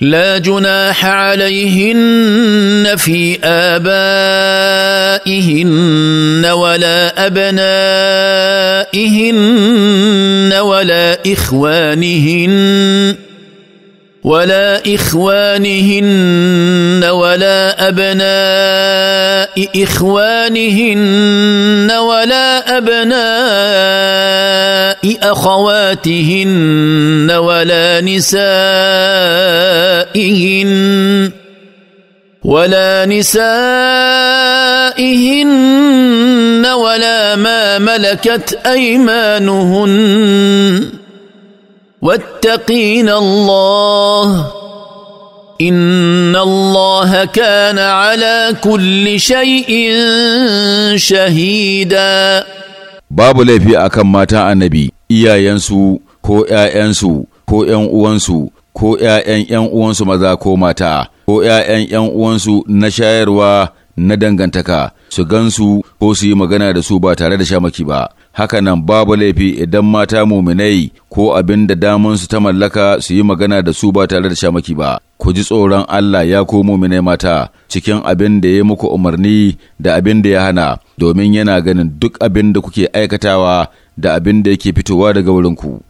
لا جناح عليهن في ابائهن ولا ابنائهن ولا اخوانهن ولا اخوانهن ولا ابناء اخوانهن ولا ابناء اخواتهن ولا نساء نسائهن ولا نسائهن ولا ما ملكت ايمانهن واتقين الله ان الله كان على كل شيء شهيدا باب babu laifi النبي mata ينسو كو ko ينسو كو ‘yan ينسو ko ‘ya'yan ‘yan uwansu maza ko mata, ko ‘ya'yan ‘yan uwansu na shayarwa na dangantaka, su gansu ko su yi magana da su ba tare da shamaki ba. Haka nan babu laifi idan mata muminai ko abin da damansu ta mallaka su yi magana da su ba tare da shamaki ba. Ku ji tsoron Allah ya ko muminai mata cikin abin da ya muku umarni da abin da ya hana, domin yana ganin duk abin da kuke aikatawa da abin da yake fitowa daga wurinku.